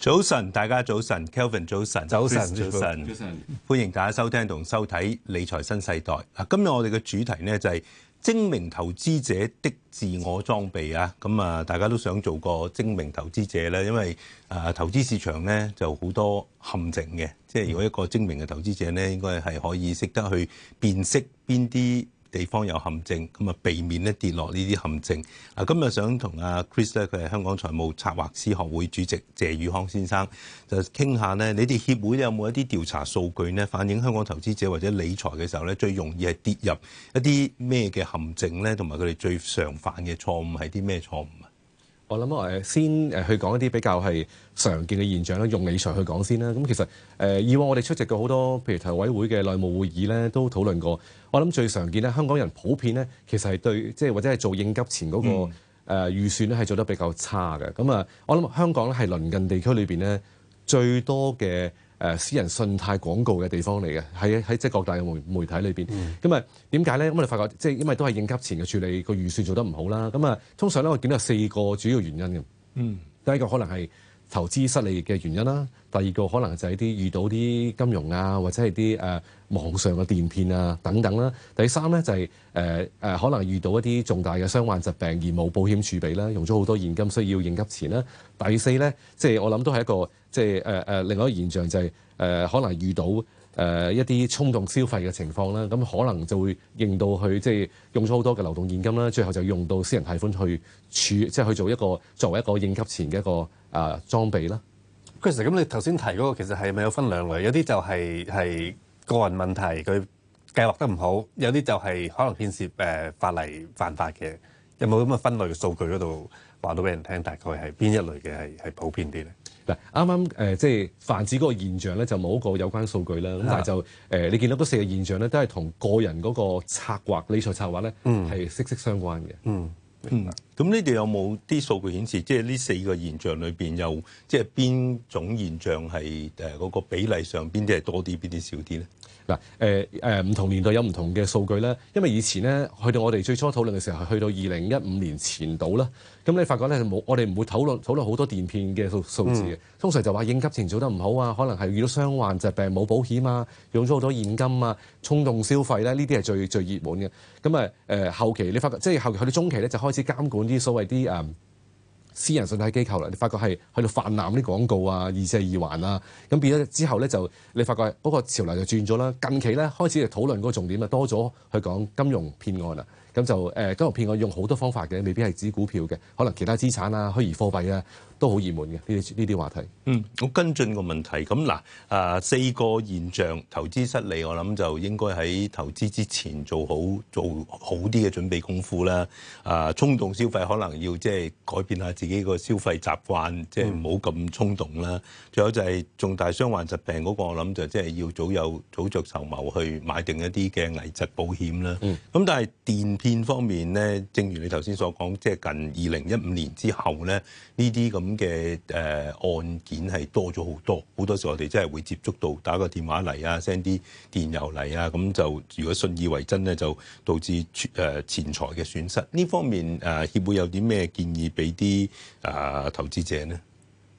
早晨，大家早晨，Kelvin 早晨，早晨，早晨，早晨，歡迎大家收聽同收睇《理財新世代》啊！今日我哋嘅主題呢，就是，就係精明投資者的自我裝備啊！咁啊，大家都想做個精明投資者咧，因為啊，投資市場呢，就好多陷阱嘅，即係如果一個精明嘅投資者呢，應該係可以識得去辨識邊啲地方有陷阱，咁啊，避免咧跌落呢啲陷阱。嗱，今日想同阿 Chris 咧，佢係香港財務策劃師學會主席謝宇康先生，就傾下呢，你哋協會有冇一啲調查數據呢，反映香港投資者或者理財嘅時候呢，最容易係跌入一啲咩嘅陷阱呢？同埋佢哋最常犯嘅錯誤係啲咩錯誤啊？我諗誒先誒去講一啲比較係常見嘅現象啦，用理財去講先啦。咁其實誒以往我哋出席過好多譬如投委會嘅內務會議咧，都討論過。我諗最常見咧，香港人普遍咧，其實係對即係或者係做應急前嗰個誒預算咧，係做得比較差嘅。咁啊、嗯，我諗香港咧係鄰近地區裏邊咧最多嘅。誒私人信貸廣告嘅地方嚟嘅，喺喺即係各大嘅媒媒體裏邊。咁啊，點解咧？咁我哋發覺，即係因為都係應急前嘅處理，個預算做得唔好啦。咁啊，通常咧，我見到有四個主要原因嘅。第一個可能係投資失利嘅原因啦。第二個可能就係啲遇到啲金融啊，或者係啲誒網上嘅電騙啊等等啦。第三咧就係誒誒可能遇到一啲重大嘅傷患疾病而冇保險儲備啦，用咗好多現金需要應急錢啦。第四咧即係我諗都係一個即係誒誒另外一個現象就係誒可能遇到誒一啲衝動消費嘅情況啦，咁可能就會認到佢，即係用咗好多嘅流動現金啦，最後就用到私人貸款去儲即係去做一個作為一個應急錢嘅一個啊裝備啦。Chris, 其實咁，你頭先提嗰個其實係咪有分兩類？有啲就係、是、係個人問題，佢計劃得唔好；有啲就係可能牽涉誒、呃、法例犯法嘅。有冇咁嘅分類數據嗰度話到俾人聽？大概係邊一類嘅係係普遍啲咧？嗱，啱啱誒即係泛指嗰個現象咧，就冇一個有關數據啦。咁 Yeah. 但係就誒、呃，你見到嗰四個現象咧，都係同個人嗰個策劃、理財策劃咧，係、mm. 息息相關嘅。嗯。嗯。咁呢度有冇啲數據顯示，即係呢四個現象裏面有即係邊種現象係嗰、嗰個比例上邊啲係多啲，邊啲少啲咧？嗱，唔同年代有唔同嘅數據呢。因為以前咧，去到我哋最初討論嘅時候，係去到二零一五年前度啦。咁你發覺咧，冇我哋唔會討論討論好多電片嘅數字嘅。嗯、通常就話應急錢做得唔好啊，可能係遇到傷患疾、就是、病冇保險啊，用咗好多現金啊，衝動消費咧，呢啲係最最熱門嘅。咁啊後期你發覺，即係後期佢哋中期咧，就開始監管。啲所謂啲誒、嗯、私人信貸機構啦，你發覺係去到泛濫啲廣告啊，二四二環啊，咁變咗之後咧就你發覺嗰個潮流就轉咗啦。近期咧，開始嚟討論嗰個重點啊，多咗去講金融騙案啊。咁就誒、呃、金融騙案用好多方法嘅，未必係指股票嘅，可能其他資產啊、虛擬貨幣啊。都好熱門嘅呢啲呢啲話題。嗯，我跟進個問題。咁嗱，啊，四個現象投資失利，我諗就應該喺投資之前做好做好啲嘅準備功夫啦。啊，衝動消費可能要即係改變下自己個消費習慣，即係唔好咁衝動啦。仲有就係重大傷患疾病嗰個，我諗就即係要早有早着籌謀去買定一啲嘅危疾保險啦。嗯，咁但係電騙方面咧，正如你頭先所講，即係近二零一五年之後咧，呢啲咁嘅誒案件係多咗好多，好多時我哋真係會接觸到打個電話嚟啊，send 啲電郵嚟啊，咁就如果信以為真咧，就導致誒錢財嘅損失。呢方面誒協會有啲咩建議俾啲誒投資者呢？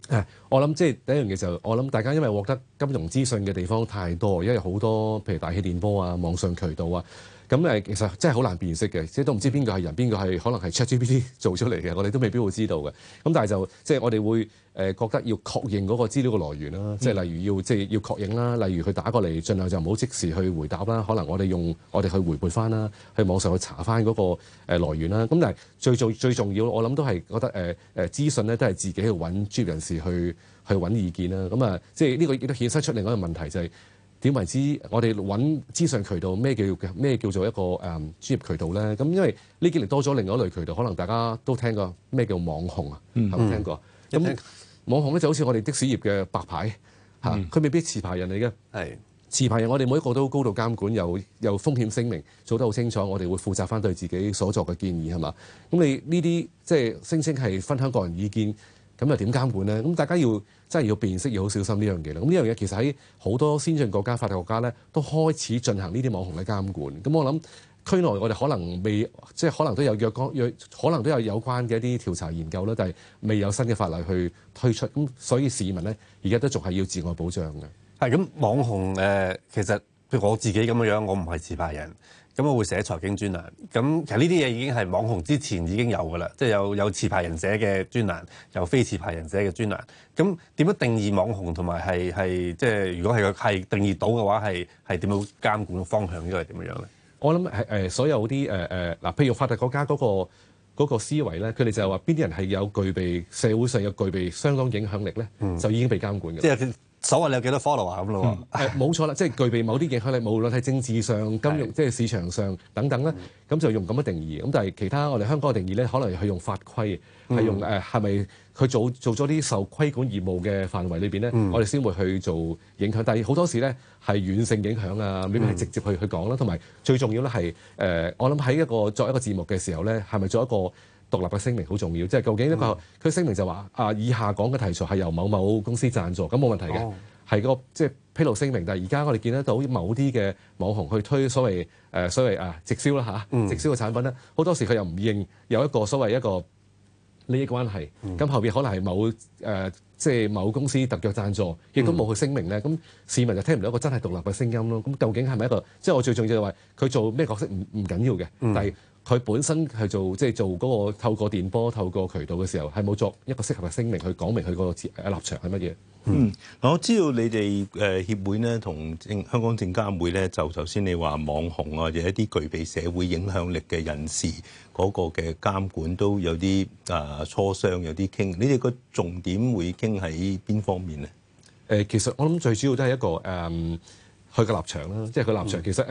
誒，我諗即係第一樣嘢就我諗大家因為獲得金融資訊嘅地方太多，因為好多譬如大氣電波啊、網上渠道啊。咁誒，其實真係好難辨識嘅，即係都唔知邊個係人，邊個係可能係 ChatGPT 做出嚟嘅，我哋都未必會知道嘅。咁但係就即係、就是、我哋會誒覺得要確認嗰個資料嘅來源啦，即係、啊、例如要即係、就是、要確認啦，例如佢打過嚟，儘量就唔好即時去回答啦。可能我哋用我哋去回撥翻啦，去網上去查翻嗰個誒來源啦。咁但係最重最重要，我諗都係覺得誒誒、呃、資訊咧都係自己去揾專業人士去去揾意見啦。咁啊，即係呢個亦都顯示出另一個問題就係、是。點為之？我哋揾資訊渠道咩叫嘅？咩叫做一個誒、嗯、專業渠道咧？咁因為呢幾年多咗另外一類渠道，可能大家都聽過咩叫網紅啊？有冇、嗯、聽過？咁網紅咧就好似我哋的士業嘅白牌佢、啊嗯、未必係持牌人嚟嘅。係是持牌人，我哋每一個都高度監管，有有風險聲明，做得好清楚。我哋會負責翻對自己所作嘅建議係嘛？咁你呢啲即係聲稱係分享個人意見。咁又點監管咧？咁大家要真係要辨識，要好小心呢樣嘢啦。咁呢樣嘢其實喺好多先進國家、發達國家咧，都開始進行呢啲網紅嘅監管。咁我諗區內我哋可能未即係可能都有約江約，可能都有有關嘅一啲調查研究啦，但、就、係、是、未有新嘅法例去推出。咁所以市民咧而家都仲係要自我保障嘅。係咁，網紅誒、呃，其實譬如我自己咁樣，我唔係自拍人。咁會寫財經專欄，咁其實呢啲嘢已經係網紅之前已經有㗎啦，即係有有持牌人寫嘅專欄，有非持牌人寫嘅專欄。咁點樣定義網紅同埋係即係如果係定義到嘅話，係係點樣監管嘅方向，因為點樣咧？我諗係、呃、所有啲誒誒嗱，譬、呃、如發達國家嗰個嗰個思維咧，佢哋就係話邊啲人係有具備社會上有具備相當影響力咧，嗯、就已經被監管嘅。即所謂你有幾多 follow 啊、嗯，咁、嗯、咯？誒，冇錯啦，即係具備某啲影響力， 無論係政治上、金融、是 即係市場上等等咧，咁就用咁嘅定義。咁但係其他我哋香港嘅定義咧，可能係用法規，係、嗯、用係咪佢做做咗啲受規管業務嘅範圍裏面咧，嗯、我哋先會去做影響。但係好多時咧係軟性影響啊，你咪直接去、嗯、去講啦。同埋最重要咧係、呃、我諗喺一個作一個節目嘅時候咧，係咪作一個？獨立嘅聲明好重要，即係究竟呢個佢聲明就話啊，以下講嘅題材係由某某公司贊助，咁冇問題嘅，係個即係披露聲明。但係而家我哋見得到某啲嘅網紅去推所謂誒所謂啊直銷啦嚇，直銷嘅產品咧，好多時佢又唔認有一個所謂一個利益關係，咁後邊可能係某誒即係某公司特約贊助，亦都冇佢聲明咧，咁市民就聽唔到一個真係獨立嘅聲音咯。咁究竟係咪一個即係我最重要就係話佢做咩角色唔唔緊要嘅，但係。佢本身係做即係做嗰個透過電波、透過渠道嘅時候，係冇作一個適合嘅聲明去講明佢個誒立場係乜嘢？嗯，我知道你哋誒協會咧同政香港證監會咧，就頭先你話網紅啊，或者一啲具備社會影響力嘅人士嗰個嘅監管都有啲啊磋商，有啲傾。你哋個重點會傾喺邊方面咧？誒，其實我諗最主要都係一個誒，佢嘅立場啦，即係佢立場。就是立場嗯、其實誒，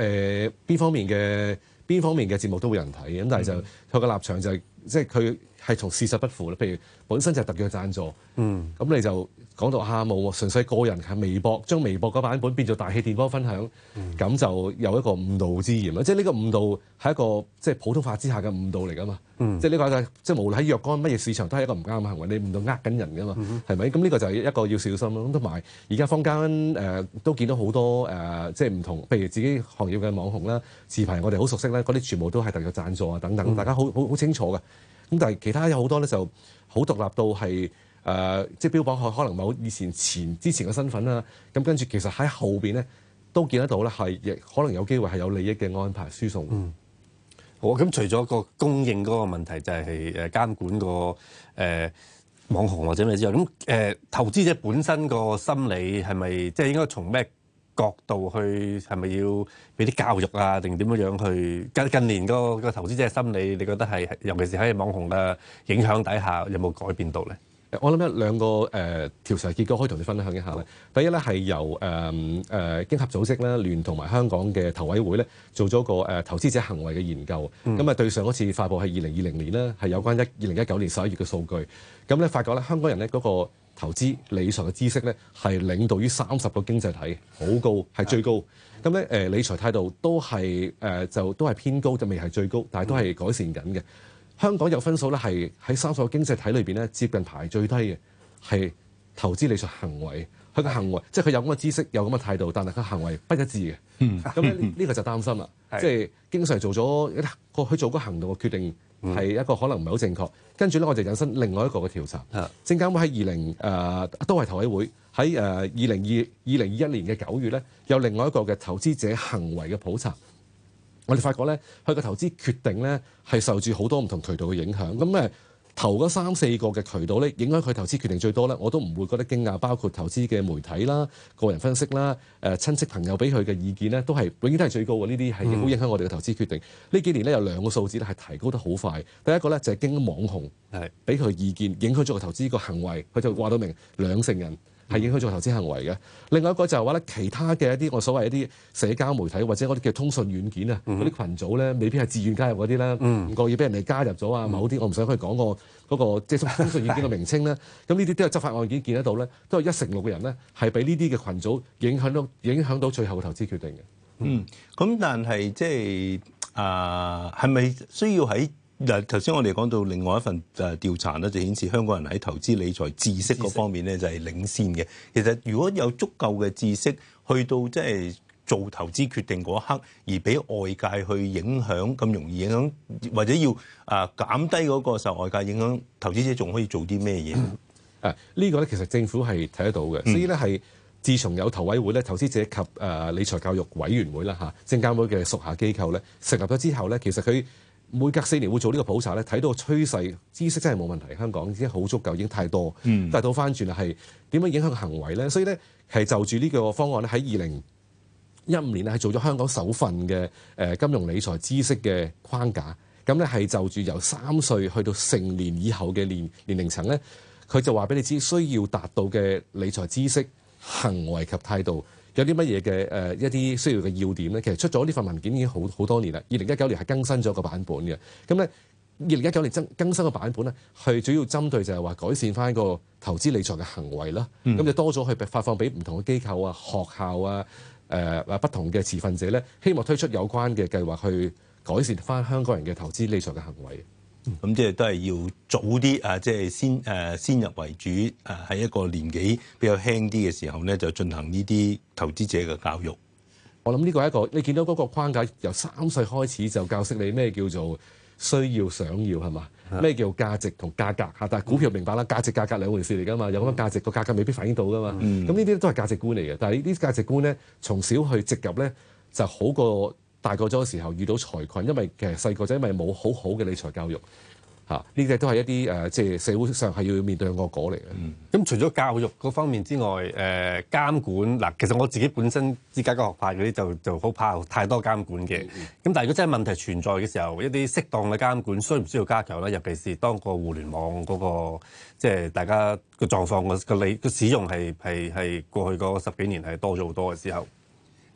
邊、呃、方面嘅？邊方面嘅節目都會有人睇嘅，咁但係就佢個立場就係、是，即係佢係從事實不符啦。譬如本身就係特約贊助，咁、嗯、你就。講到下無、啊，純粹個人喺微博將微博嗰版本變做大氣電波分享，咁、嗯、就有一個誤導之嫌啦。即係呢個誤導係一個即係普通法之下嘅誤導嚟噶嘛。即係呢個即係無論喺若干乜嘢市場都係一個唔啱嘅行為，你誤導呃緊人噶嘛，係咪、嗯？咁呢個就係一個要小心咯。同埋而家坊間誒、呃、都見到好多誒、呃，即係唔同，譬如自己行業嘅網紅啦、字牌，我哋好熟悉啦，嗰啲全部都係特約贊助啊等等，大家好好好清楚嘅。咁但係其他有好多咧就好獨立到係。誒、呃，即係標榜佢可能某以前前之前嘅身份啦。咁、啊、跟住，其實喺後邊咧都見得到咧，係亦可能有機會係有利益嘅安排輸送。嗯，好，咁，除咗個供應嗰個問題，就係誒監管、嗰個誒、呃、網紅或者咩之外，咁誒、呃、投資者本身個心理係咪即係應該從咩角度去係咪要俾啲教育啊，定點樣樣去近近年、嗰個、嗰個投資者嘅心理，你覺得係尤其是喺網紅嘅影響底下，有冇改變到咧？我諗咧兩個誒調、呃、查結果可以同你分享一下咧。第一咧係由誒誒經合組織咧聯同埋香港嘅投委會咧做咗個、呃、投資者行為嘅研究，咁啊、嗯、對上一次發佈係二零二零年啦係有關一二零一九年十一月嘅數據。咁咧發覺咧香港人咧嗰、嗰個投資理財嘅知識咧係領導於三十個經濟體，好高係最高。咁咧、嗯呃、理財態度都係誒、呃、就都係偏高，就未係最高，但係都係改善緊嘅。香港有分數咧，係喺三十個經濟體裏邊咧，接近排最低嘅，係投資理財行為，佢嘅行為，即係佢有咁嘅知識，有咁嘅態度，但係佢行為不一致嘅。嗯。咁呢個就擔心啦，即係 經常做咗一個去做個行動嘅決定係一個可能唔係好正確。跟住咧我就引申另外一個嘅調查，證監會喺二零誒都係投委會喺誒二零二二零二一年嘅九月咧，有另外一個嘅投資者行為嘅普查。我哋發覺咧，佢個投資決定咧係受住好多唔同渠道嘅影響。咁誒投嗰三四個嘅渠道咧，影響佢投資決定最多咧，我都唔會覺得驚訝。包括投資嘅媒體啦、個人分析啦、誒、呃、親戚朋友俾佢嘅意見咧，都係永遠都係最高嘅呢啲係好影響我哋嘅投資決定。呢、嗯、幾年咧有兩個數字咧係提高得好快。第一個咧就係、是、經網紅係俾佢意見影響咗個投資個行為，佢就話到明兩成人。係影響咗投資行為嘅。另外一個就係話咧，其他嘅一啲我所謂一啲社交媒體或者嗰啲嘅通訊軟件啊，嗰啲群組咧，未必係自願加入嗰啲咧。唔覺意俾人哋加入咗啊，某啲，我唔想佢講個嗰個即係通訊軟件嘅名稱咧。咁呢啲都係執法案件見得到咧，都係一成六嘅人咧係俾呢啲嘅群組影響到影響到最後嘅投資決定嘅、嗯。嗯，咁但係即係啊，呃、係咪需要喺？嗱，頭先我哋講到另外一份誒調查咧，就顯示香港人喺投資理財知識嗰方面咧，就係領先嘅。其實如果有足夠嘅知識，去到即係做投資決定嗰一刻，而俾外界去影響咁容易影響，或者要啊減低嗰個受外界影響，投資者仲可以做啲咩嘢？誒，呢個咧其實政府係睇得到嘅，所以咧係自從有投委會咧、投資者及誒理財教育委員會啦嚇，證監會嘅屬下機構咧成立咗之後咧，其實佢。每隔四年會做呢個普查咧，睇到個趨勢知識真係冇問題，香港已經好足夠，已經太多。但係倒翻轉係點樣影響行為咧？所以咧係就住呢個方案咧，喺二零一五年咧係做咗香港首份嘅金融理財知識嘅框架。咁咧係就住由三歲去到成年以後嘅年年齡層咧，佢就話俾你知需要達到嘅理財知識、行為及態度。有啲乜嘢嘅誒一啲需要嘅要點咧？其實出咗呢份文件已經好好多年啦。二零一九年係更新咗個版本嘅。咁咧，二零一九年增更新嘅版本咧，係主要針對就係話改善翻個投資理財嘅行為啦。咁就多咗去發放俾唔同嘅機構啊、學校啊、誒、呃、啊不同嘅持份者咧，希望推出有關嘅計劃去改善翻香港人嘅投資理財嘅行為。咁即係都係要早啲啊！即、就、係、是、先誒、呃、先入為主啊，喺、呃、一個年紀比較輕啲嘅時候咧，就進行呢啲投資者嘅教育。我諗呢個係一個你見到嗰個框架，由三歲開始就教識你咩叫做需要、想要係嘛？咩、啊、叫價值同價格嚇？但係股票明白啦，價、嗯、值、價格兩回事嚟㗎嘛，有咁嘅價值個價格未必反映到㗎嘛。咁呢啲都係價值觀嚟嘅，但係呢啲價值觀咧，從小去植入咧就好過。大個咗嘅時候遇到財困，因為其實細個仔因為冇好好嘅理財教育，嚇呢啲都係一啲誒，即、呃、係社會上係要面對嘅惡果嚟嘅。咁、嗯、除咗教育嗰方面之外，誒、呃、監管嗱、呃，其實我自己本身之間嘅學派嗰啲就就好怕太多監管嘅。咁、嗯嗯、但係如果真係問題存在嘅時候，一啲適當嘅監管需唔需要加強咧？尤其是當個互聯網嗰、那個即係、就是、大家嘅狀況、那個理、那個使用係係係過去嗰十幾年係多咗好多嘅時候。誒、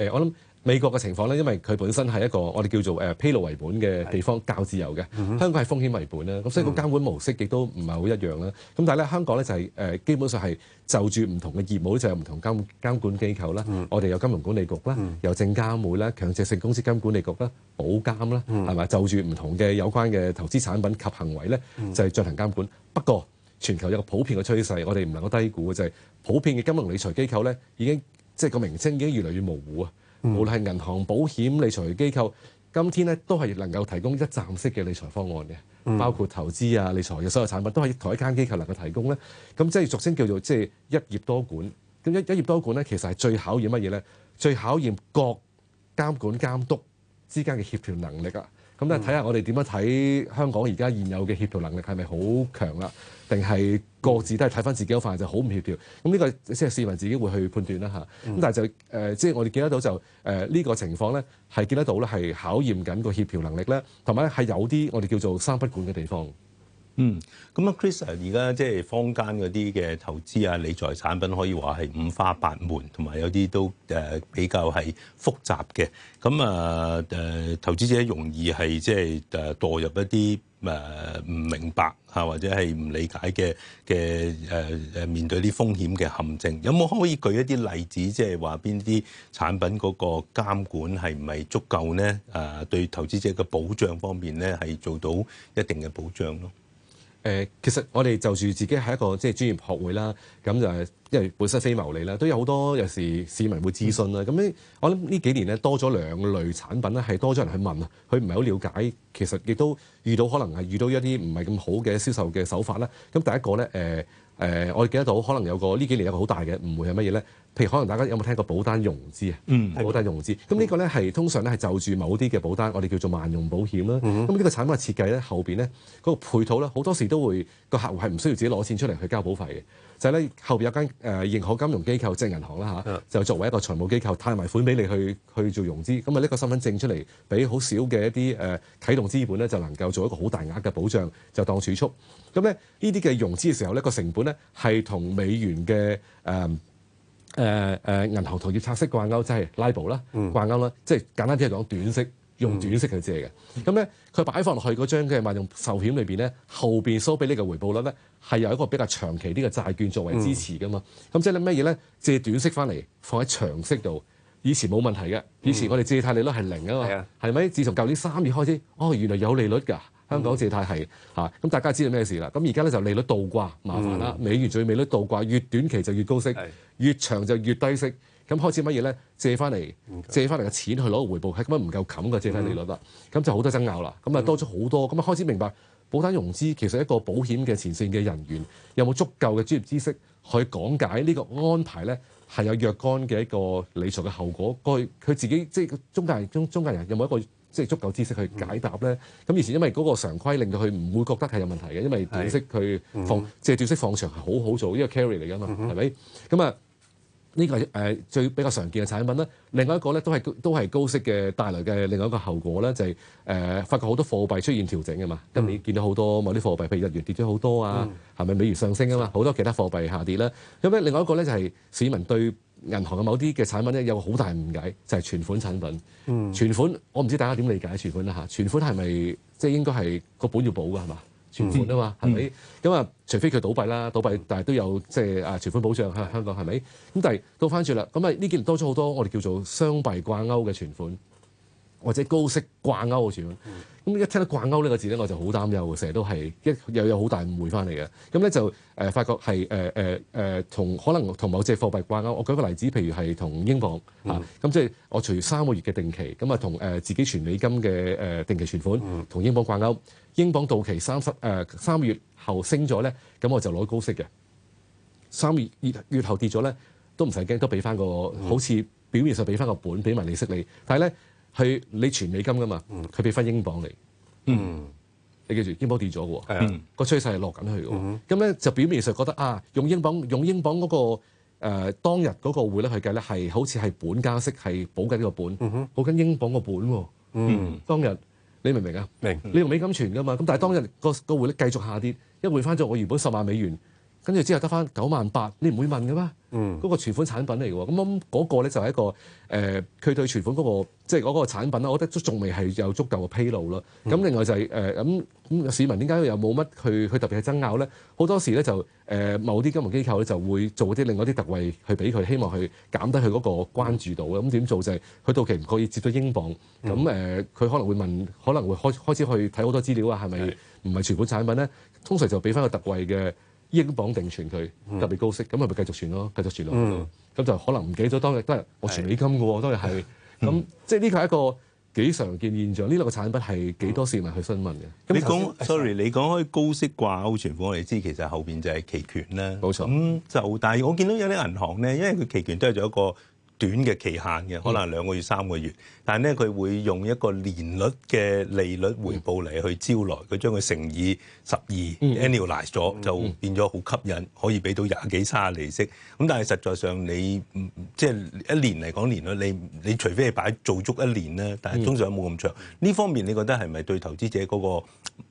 欸，我諗。美國嘅情況咧，因為佢本身係一個我哋叫做誒披露為本嘅地方，較自由嘅香港係風險為本咧，咁所以個監管模式亦都唔係好一樣啦。咁但係咧，香港咧就係誒基本上係就住唔同嘅業務咧就有唔同監監管機構啦。我哋有金融管理局啦，有證監會啦，強制性公司監管理局啦，保監啦，係咪？就住唔同嘅有關嘅投資產品及行為咧，就係進行監管。不過全球有一個普遍嘅趨勢，我哋唔能夠低估嘅就係普遍嘅金融理財機構咧已經即係個名稱已經越嚟越模糊啊。無論係銀行、保險、理財機構，今天咧都係能夠提供一站式嘅理財方案嘅，包括投資啊、理財嘅所有產品都係同一間機構能夠提供咧。咁即係俗稱叫做即係、即係、一業多管。咁一一業多管咧，其實係最考驗乜嘢咧？最考驗各監管監督之間嘅協調能力啊！咁咧睇下我哋點樣睇香港而家現有嘅協調能力係咪好強啦？定係各自都係睇翻自己嗰範就好唔協調。咁呢個即係市民自己會去判斷啦吓，咁但係就誒、呃，即係我哋見得到就誒呢、呃呢個情況咧，係見得到咧，係考驗緊個協調能力咧，同埋係有啲我哋叫做三不管嘅地方。嗯，咁啊 Chris 而家即係坊間嗰啲嘅投資啊、理財產品，可以話係五花八門，同埋有啲都誒比較係複雜嘅。咁啊誒，投資者容易係即係誒墮入一啲誒唔明白嚇或者係唔理解嘅嘅誒誒面對啲風險嘅陷阱。有冇可以舉一啲例子，即係話邊啲產品嗰個監管係唔係足夠咧？誒，對投資者嘅保障方面咧，係做到一定嘅保障咯。誒，其實我哋就住自己係一個即係專業學會啦，咁就係因為本身非牟利啦，都有好多有時市民會諮詢啦，咁呢，我諗呢幾年咧多咗兩類產品咧，係多咗人去問啊，佢唔係好了解，其實亦都遇到可能係遇到一啲唔係咁好嘅銷售嘅手法啦。咁第一個咧，誒、呃、我哋記得到可能有個呢幾年有個好大嘅誤會係乜嘢咧？譬如可能大家有冇聽過保單融資啊？嗯，保單融資咁吧呢個咧係通常咧係就住某啲嘅保單，我哋叫做萬用保險啦。咁呢、嗯、個產品嘅設計咧，後邊咧、嗰個配套咧，好多時都會個客戶係唔需要自己攞錢出嚟去交保費嘅，就係、是、咧後邊有一間誒、呃、認可金融機構，即係銀行啦、啊、就作為一個財務機構貸埋款俾你去去做融資。咁啊，呢個身份證出嚟俾好少嘅一啲誒、呃、啟動資本咧，就能夠做一個好大額嘅保障，就當儲蓄。咁咧呢啲嘅融資嘅時候咧，個成本咧係同美元嘅誒。呃誒誒、呃呃，銀行同業拆息掛鈎即係 LIBOR 啦，掛鈎啦，即係簡單啲嚟講，短息用短息去借嘅。咁咧、嗯，佢擺放落去嗰張萬用壽險裏面咧，後面所俾你嘅回報率咧，係有一個比較長期啲嘅債券作為支持噶嘛。咁、嗯、即係咩嘢咧？借短息翻嚟放喺長息度，以前冇問題嘅。以前我哋借貸利率係零啊嘛，係咪、嗯吧？自從舊年三月開始，哦，原來有利率㗎。香港借貸係咁大家知道咩事啦？咁而家咧就利率倒掛，麻煩啦。嗯、美元最利率倒掛，越短期就越高息，是越長就越低息。咁開始乜嘢咧？借翻嚟，嗯、借翻嚟嘅錢去攞個回報，係咁樣唔夠冚嘅借貸利率啦。咁就好多爭拗啦。咁啊多咗好多，咁啊、嗯、開始明白，保單融資其實一個保險嘅前線嘅人員有冇足夠嘅專業知識去講解呢個安排咧，係有若干嘅一個理財嘅後果。佢佢自己即係中介人中中介人有冇一個？即係足夠知識去解答咧，咁以前，因為嗰個常規令到佢唔會覺得係有問題嘅，因為短息佢放即係調息放長係好好做，呢個 carry 嚟㗎嘛，係咪？咁啊。呢個係最比較常見嘅產品啦。另外一個咧都係都係高息嘅帶來嘅另外一個後果咧，就係、是、誒、呃、發覺好多貨幣出現調整㗎嘛。今年見到好多某啲貨幣，譬如日元跌咗好多啊，係咪、嗯、美元上升啊嘛？好、嗯、多其他貨幣下跌啦。咁咧，另外一個咧就係、是、市民對銀行嘅某啲嘅產品咧有好大誤解，就係、是、存款產品。存、嗯、款我唔知大家點理解存款啦，吓，存款係咪即係應該係個本要保嘅係嘛？是吧？存款啊嘛，係咪、嗯？咁啊，除非佢倒閉啦，倒閉，但係都有即係、就是、啊存款保障喺香港係咪？咁但係到翻轉啦，咁啊呢幾年多咗好多我哋叫做雙幣掛鈎嘅存款。或者高息掛鈎嘅存款，咁一聽到掛鈎呢個字咧，我就好擔憂，成日都係一又有好大誤會翻嚟嘅。咁咧就誒、呃，發覺係誒誒誒同可能同某隻貨幣掛鈎。我舉個例子，譬如係同英鎊咁，即係、嗯啊、我除了三個月嘅定期咁啊，同誒自己存美金嘅誒定期存款、嗯、同英鎊掛鈎。英鎊到期三十誒、呃、三個月後升咗咧，咁我就攞高息嘅。三個月後跌咗咧，都唔使驚，都俾翻個好似表面上俾翻個本俾埋利息你，但係咧。係你存美金噶嘛？佢畀返英鎊嚟，嗯、你記住，英鎊跌咗嘅喎，嗯、個趨勢係落緊去喎。咁咧、嗯、哼就表面上覺得啊，用英鎊用英鎊嗰、嗰個誒、呃、當日嗰個匯率去計咧，係好似係本加息係補緊個本，補緊、嗯、哼英鎊個本喎、啊。嗯、當日你明唔明啊？明白，你用美金存嘅嘛，咁但係當日個個匯率繼續下跌，一匯翻咗我原本十萬美元。跟住之後得翻九萬八，你唔會問嘅咩？嗯，嗰個存款產品嚟㗎喎。咁咁嗰個咧就係一個誒，佢、呃、對存款嗰、嗰個即係嗰個產品。我覺得仲未係有足夠嘅披露咯。咁、嗯、另外就係咁咁市民點解又冇乜去去特別去爭拗咧？好多時咧就誒、呃、某啲金融機構咧就會做啲另外啲特惠去俾佢，希望佢減低佢嗰個關注度。咁點做就係、是、佢到期唔可以接咗英鎊咁誒，佢、嗯呃、可能會問，可能會開開始去睇好多資料啊，係咪唔係存款產品咧？是通常就俾翻個特惠嘅。英鎊定存佢特別高息，咁係咪繼續存咯？繼續存落去咯？咁、嗯、就可能唔記咗當日，的是當日我存美金嘅喎，當日係咁，嗯、即係呢個係一個幾常見現象。呢、這、兩個產品係幾多市民去詢問嘅？你講說、哎、sorry，你講開高息掛鉤存款，我哋知其實後邊就係期權啦。冇錯，咁、嗯、就但係我見到有啲銀行咧，因為佢期權都係做一個。短嘅期限嘅，可能兩個月、三個月，但係咧佢會用一個年率嘅利率回報嚟去招來，佢將佢乘以十二 annualize 咗，嗯嗯、就變咗好吸引，可以俾到廿幾、卅厘息。咁但係實在上你即係一年嚟講年率你，你你除非係擺做足一年咧，但係通常冇咁長。呢方面你覺得係咪對投資者嗰個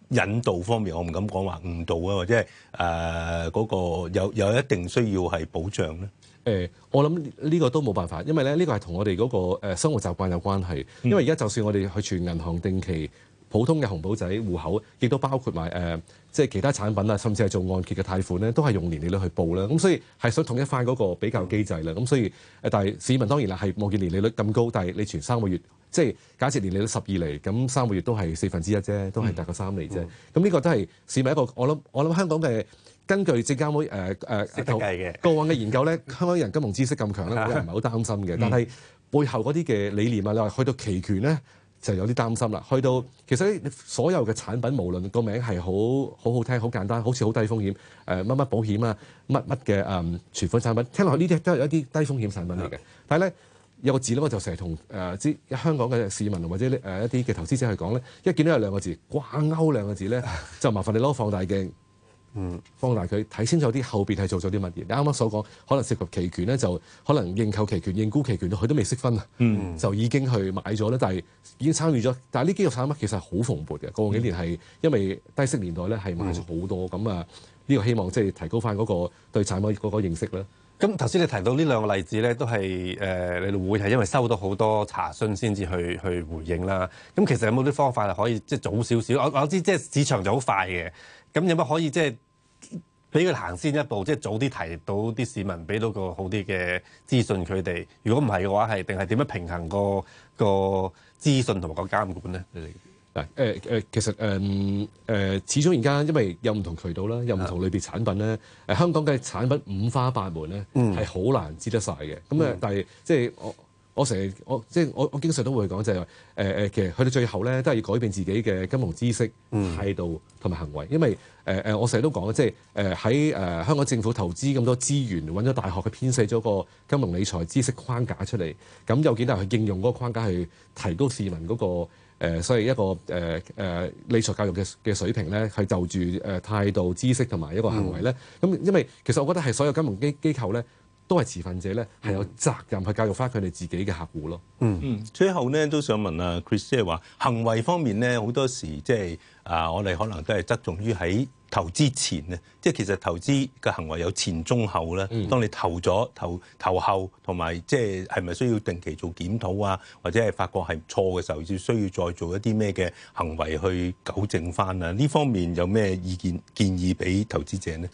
引導方面，我唔敢講話誤導啊，或者係嗰個有有一定需要係保障咧？誒、欸，我諗呢個都冇辦法，因為咧呢、這個係同我哋嗰、那個、呃、生活習慣有關係。因為而家就算我哋去存銀行定期、普通嘅紅簿仔戶口，亦都包括埋誒、呃，即係其他產品啊，甚至係做按揭嘅貸款咧，都係用年利率去報啦。咁所以係想統一翻嗰個比較機制啦。咁所以誒，但係市民當然啦，係望見年利率咁高，但係你存三個月，即係假設年利率十二厘，咁三個月都係四分之一啫，都係大概三厘啫。咁呢個都係市民一個，我諗我諗香港嘅。根據證監會誒嘅，呃、過往嘅研究咧，香港人金融知識咁強咧，我哋唔係好擔心嘅。 但係背後嗰啲嘅理念啊，你話去到期權咧，就有啲擔心啦。去到其實咧，所有嘅產品無論個名係好好好聽、好簡單、好似好低風險誒乜乜保險啊、乜乜嘅誒存款產品，聽落呢啲都係一啲低風險產品嚟嘅。 但係咧有個字咧，我就成日同誒啲香港嘅市民或者誒一啲嘅投資者去講咧，一見到有兩個字掛鈎兩個字咧，就麻煩你攞放大鏡。嗯、放大佢睇清楚啲後邊係做咗啲乜嘢？你啱啱所講可能涉及期權咧，就可能認購期權、認沽期權，佢都未識分啊，嗯、就已經去買咗啦。但係已經參與咗。但係呢幾個產品其實係好蓬勃嘅。過、嗰個幾年係因為低息年代咧，係買咗好多咁啊。呢、呢個希望即係提高翻嗰個對產品嗰個認識啦。咁頭先你提到呢兩個例子咧，都係誒，你、呃、會係因為收到好多查詢先至去去回應啦。咁其實有冇啲方法係可以即係早少少？我我知即係市場就好快嘅。咁有乜可以即係俾佢行先一步，即係早啲提到啲市民，俾到個好啲嘅資訊佢哋。如果唔係嘅話，係定係點樣平衡個個資訊同埋個監管咧？你哋嗱誒誒，其實誒誒、嗯，始終而家因為有唔同渠道啦，有唔同類別產品咧，誒香港嘅產品五花八門咧，係好難知得晒嘅。咁誒、嗯，但係即係我。我成日我即係我我經常都會講，就係話誒、誒其實去到最後咧，都係要改變自己嘅金融知識、態度同埋行為，因為誒、誒我成日都講，即係誒喺誒香港政府投資咁多資源，揾咗大學去編寫咗個金融理財知識框架出嚟，咁有幾多人去應用嗰個框架去提高市民嗰個誒所以一個誒、誒理財教育嘅嘅水平咧，去就住誒態度、知識同埋一個行為咧，咁因為其實我覺得係所有金融機機構咧。都係持份者咧，係有責任去教育翻佢哋自己嘅客戶咯。嗯嗯，最後咧都想問啊，Chris，即係話行為方面咧，好多時即係啊，我哋可能都係側重於喺投資前啊，即係其實投資嘅行為有前中後啦。嗯，當你投咗投投後同埋即係係咪需要定期做檢討啊，或者係發覺係錯嘅時候，要需要再做一啲咩嘅行為去糾正翻啊？呢方面有咩意見建議俾投資者咧？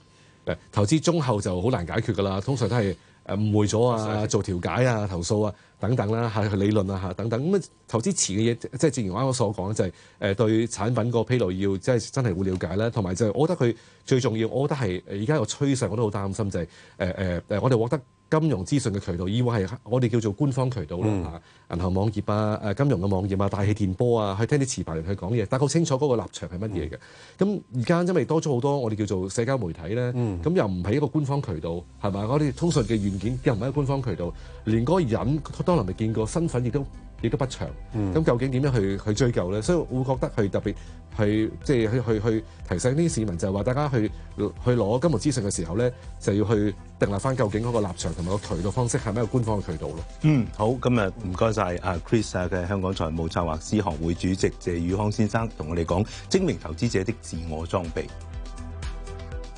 誒，投資中後就好難解決噶啦，通常都係。誒誤會咗啊，做調解啊、投訴啊等等啦，嚇理論啊嚇等等咁啊，投資前嘅嘢即係正如啱啱所講，就係誒對產品個披露要即係真係會了解啦，同埋就係我覺得佢最重要，我覺得係誒而家個趨勢我都好擔心就係誒誒誒，我哋獲得金融資訊嘅渠道，以往係我哋叫做官方渠道啦嚇，銀行、嗯、網頁啊、誒金融嘅網頁啊、大氣電波啊，去聽啲詞牌嚟去講嘢，但係好清楚嗰個立場係乜嘢嘅。咁而家因為多咗好多我哋叫做社交媒體咧，咁、嗯、又唔係一個官方渠道，係咪？嗰啲通訊嘅軟件又唔係一個官方渠道，連嗰個人當年未見過身份亦都。亦都不長，咁究竟點樣去去追究咧？所以我會覺得特別去特別去即係去去去提醒啲市民，就係話大家去去攞金融資訊嘅時候咧，就要去訂立返究竟嗰個立場同埋個渠道方式係咩官方嘅渠道咯。嗯，好，今日唔該晒，阿 Chris 嘅香港財務策劃師學會主席謝汝康先生同我哋講精明投資者的自我裝備。